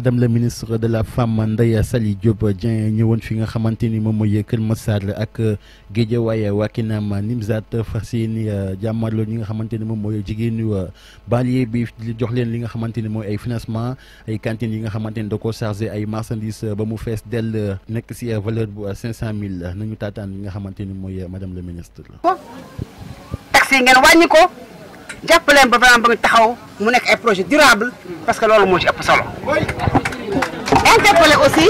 madame la ministre de la femme Ndeye Saly Diop Dieng ñëwoon fi nga xamante ni moom mooy Kër Massar ak Guédiawaye Wakhinam Nimzatt fas yéene euh, jàmmarloo ñi nga xamante ni moom mooy jigéenu euh, banlieue bi jox leen li nga xamante ni mooy ay financement ay cantines yi nga xamante ni da koo chargé ay marchandis euh, ba mu fees dell nekk si valeur bu cinq cent mille nañu taataan li nga xamante ni mooy madame la ministre. taxi ngeen jàppaleen ba vraiment ba taxaw mu nekk ay projet durable parce que loolu moo ci ëpp solo interpellé aussi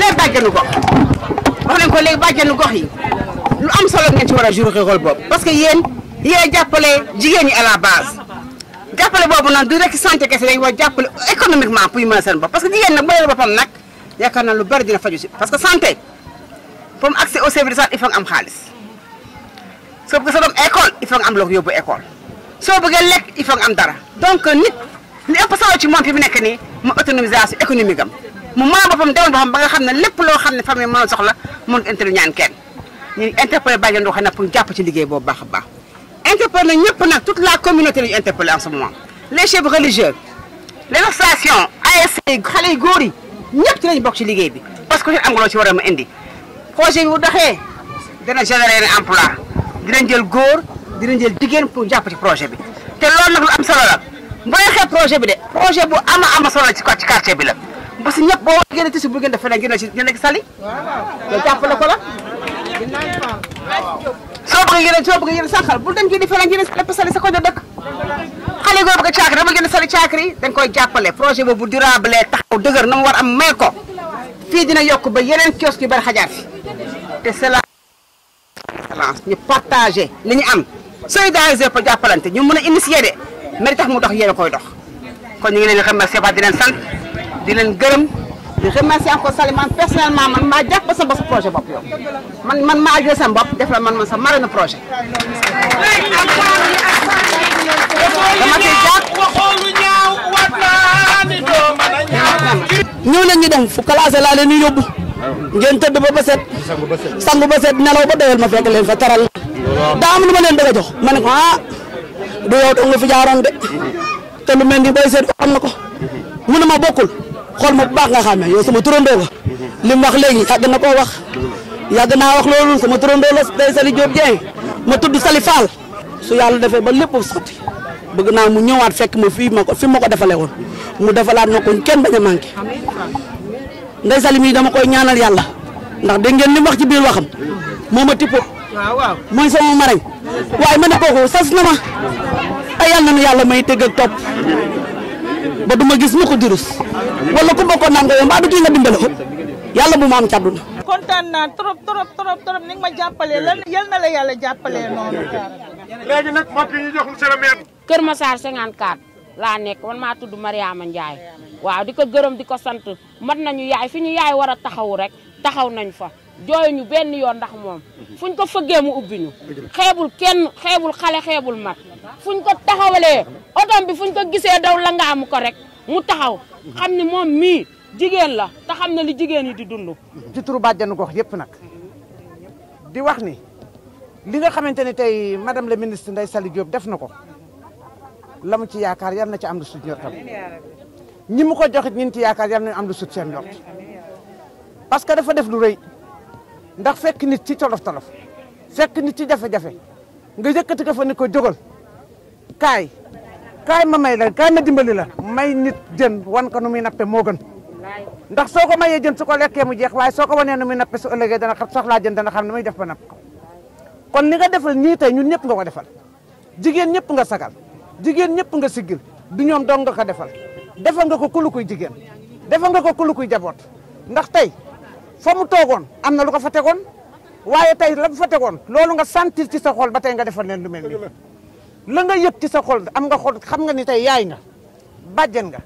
les bàjjanu gox wax nañ ko léegi bàjjanu gox yi lu am solo ngeen war a jouer rôle boobu parce que yéen yéen jàppale jigéen ñi à la base jàppale boobu nag du rek santé kese dañu war jàppale économiquement pour ñu mën a parce que jigéen nag bu leen boppam nag yaakaar naa lu bari dina faju si parce que santé pour mu accès au service il faut nga am xaalis soo bëgg sa doom école il faut nga am loo ko yóbbu école soo bëggee lekk il faut am dara donc nit li ëpp solo ci moom fi mu nekk nii mu autonomisation économique am mu mën boppam demal boppam ba nga xam ne lépp loo xam ne famille mën soxla la nga interpellé ñaan kenn ñu interpellé bàjjen doo xam ne pour jàpp ci liggéey boobu baax a baax interpellé nañ ñëpp nag tout la communauté la ñu interpellé en ce moment les chefs religieux les associations ASC xale yu góor yi ñëpp ci lañ bokk ci liggéey bi parce que am nga loo ci war a ma indi projet bi bu doxee dana générer emploi dinañ jël góor dinañ jël jigéen pour jàpp ci projet bi te loolu nag lu am solo la boo yàqee projet bi de projet boo ama ama solo la ci ci quartier bi la parce que ñëpp boo gën a si bu gën def feneen gën ci gën a sali le ko la soo bëgg yéen soo bëgg yéen sànqal bul dem jëndi feneen gën a sali sa ko dëkk xale yi bëgg a caakri dama gën a sali caakri dañ koy jàppale projet boobu durable taxaw dëgër na mu war am may ko fii dina yokk ba yeneen kiosque yu bari xajaat fi te cela ñu partager li ñu am solidarité pour jàppalante ñu mën a initier de mais tax mu dox yéen a koy dox kon ñu ngi leen di remercier wax di leen sant di leen gërëm di remercier encore Souleymane personnellement man maa jàpp sa bopp sa projet bopp man man maa jël sa def la man man sa marraine projet. dama ciy jàpp. ñëw nañ ñu dem fu classé laa leen yóbbu. ngeen tëdd ba ba set. sangu ba set nelaw ba doyal ma fekk leen fa daa am lu ma leen bëgg a jox ma ne ko ah du yow dong nga fi jaaroon de te lu mel ni booy seet xam na ko mu ne ma bokkul xool ma bu baax nga xamee yow sama turandoo la li mu wax léegi yàgg na koo wax yàgg naa wax loolu sama turandoo la day Sali Diop Dieng ma tudd Sali Fall su yàlla defee ba lépp sotti bëgg naa mu ñëwaat fekk ma fii ma ko fi ma ko defalee woon mu defalaat ma ko kenn bañ a manqué ndey Sali mii dama koy ñaanal yàlla ndax dégg ngeen li mu wax ci biir waxam moo ma tippoo waaw waaw mooy sama marañ waaye ma ne kooku sas na ma ay yal na nu yàlla may tëgg ak topp ba du ma gis mu ko dirus wala ku bokkoon naan ko yow du kii nga dimbale ko yàlla bu ma am càdduna kontaan naa trop trop trop trop ma jàppalee la yàlla jàppalee noonu léegi nag mbokk yi ñu Kër Massar 54 laa nekk man maa tudd Mariama Ndiaye waaw di ko gërëm di ko sant mat nañu yaay fi ñu yaay war a taxawu rek taxaw nañ fa ñu benn yoon ndax moom fuñ ko fëggee mu ubbi ñu xeebul kenn xeebul xale xeebul mag fuñ ko taxawalee otom bi fuñ ko gisee daw la nga am ko rek mu taxaw xam ne moom mii jigéen la te xam ne li jigéen yi di dund ci turu bàjjenu gox yëpp nag di wax ni li nga xamante ni tey madame la ministre Ndeye Saly Diop def na ko la mu ci yaakaar yal na ci am lu sut njort ko joxit ñin ci yaakaar yal nañu am lu sut seen njort parce que dafa def lu rëy ndax fekk nit ci tolof-tolof fekk nit ci jafe-jafe nga yëkkati ko fa ni ko jógal kaay kaay ma may la kaay ma dimbali la may nit jën wan ko nu muy nappe moo ndax soo ko mayee jën su ko lekkee mu jeex waaye soo ko wanee nu muy nappe su ëllëgee dana xam soxlaa jën dana xam ne muy def ko kon li nga defal ñii tey ñun ñëpp nga ko defal jigéen ñëpp nga sagal jigéen ñëpp nga siggil du ñoom dong nga ko defal defal nga ko kulu kuy jigéen defal nga ko kulu kuy jaboot ndax tey fa mu toogoon am na lu ko fa tegoon waaye tey la mu fa tegoon loolu nga sentir ci sa xol ba tey nga defal leen lu mel nii la nga yëg ci sa xol am nga xol xam nga ni tey yaay nga bàjjen nga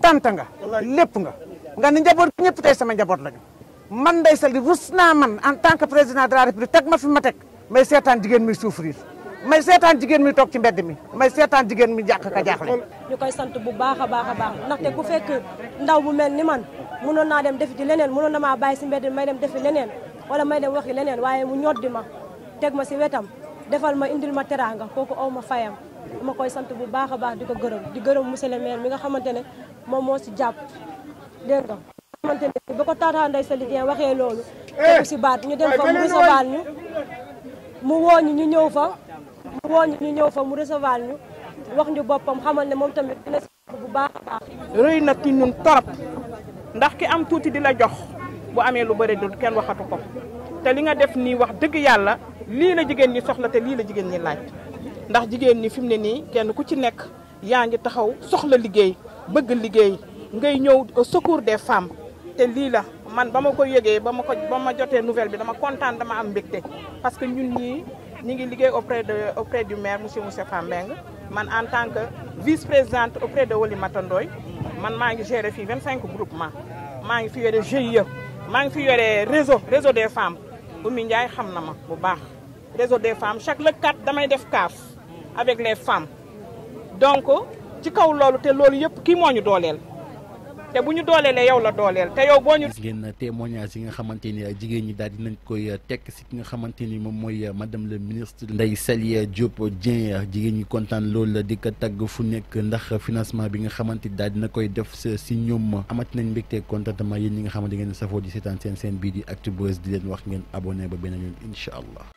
tanta nga lépp nga nga ni njaboot ñëpp tey sama njaboot lañu man day sali rus naa man en tant que président de la république teg ma fi ma teg may seetaan jigéen muy souffrir may seetaan jigéen mi toog ci mbedd mi may seetaan jigéen mi jàq ka jaaxle. ñu koy sant bu baax a baax a baax nax ndaxte ku fekk ndaw bu mel ni man mënoon naa dem defi ci leneen mënoon na maa bàyyi si mbedd mi may dem defi leneen wala may dem waxi leneen waaye mu ñoddi ma teg ma si wetam defal ma indil ma teraanga kooku aw ma fayam ma koy sant bu baax a baax di ko gërëm di gërëm mu le maire mi nga xamante ne moom moo si jàpp dégg nga. xamante ne ba ko taataa Ndeye Saly Dieng waxee loolu. tegu si baat ñu dem fa mu recevoir ñu mu woo ñu ñu ñëw fa. mu woo ñu ñëw fa mu recevoir ñu wax ñu boppam xamal ne moom tamit dina si bu baax a na ci ñun torop ndax ki am tuuti di la jox bu amee lu bëri du kenn waxatu ko te li nga def nii wax dëgg yàlla lii la jigéen ñi soxla te lii la jigéen ñi laaj ndax jigéen ñi fi mu ne nii kenn ku ci nekk yaa ngi taxaw soxla liggéey bëgg liggéey ngay ñëw au secours des femmes te lii la. man ba ma ko yëgee ba ma ko ba ma jotee nouvelle bi dama kontaan dama am mbégte parce que ñu ngi liggéey auprès de auprès du maire monsieur Moustapha Mbeng man en tant que vice présidente auprès de Oulimata Ndoye man maa ngi gérer fii cinq groupement maa ngi fi yore GIE maa ngi fi yore réseau réseau des femmes Oumy Ndiaye xam na ma bu baax réseau des femmes chaque le 4 damay def CAF avec les femmes donc ci kaw loolu te loolu yëpp kii moo ñu dooleel te bu ñu dooleelee yow la dooleel te yow boo ñu. gis ngeen yi nga xamante ni jigéen ñi daal dinañ koy tekk si ki nga xamante ni moom mooy madame le ministre Ndeye Saly Diop Dieng jigéen ñi kontaan loolu di ko tagg fu nekk ndax financement bi nga xamante ni daal dina koy def si ñoom amat nañ mbégte contentement yéen ñi nga xamante ngeen safoo di seetaan seen seen bii di Actubuzz di leen wax ngeen abone ba beneen yoon incha allah.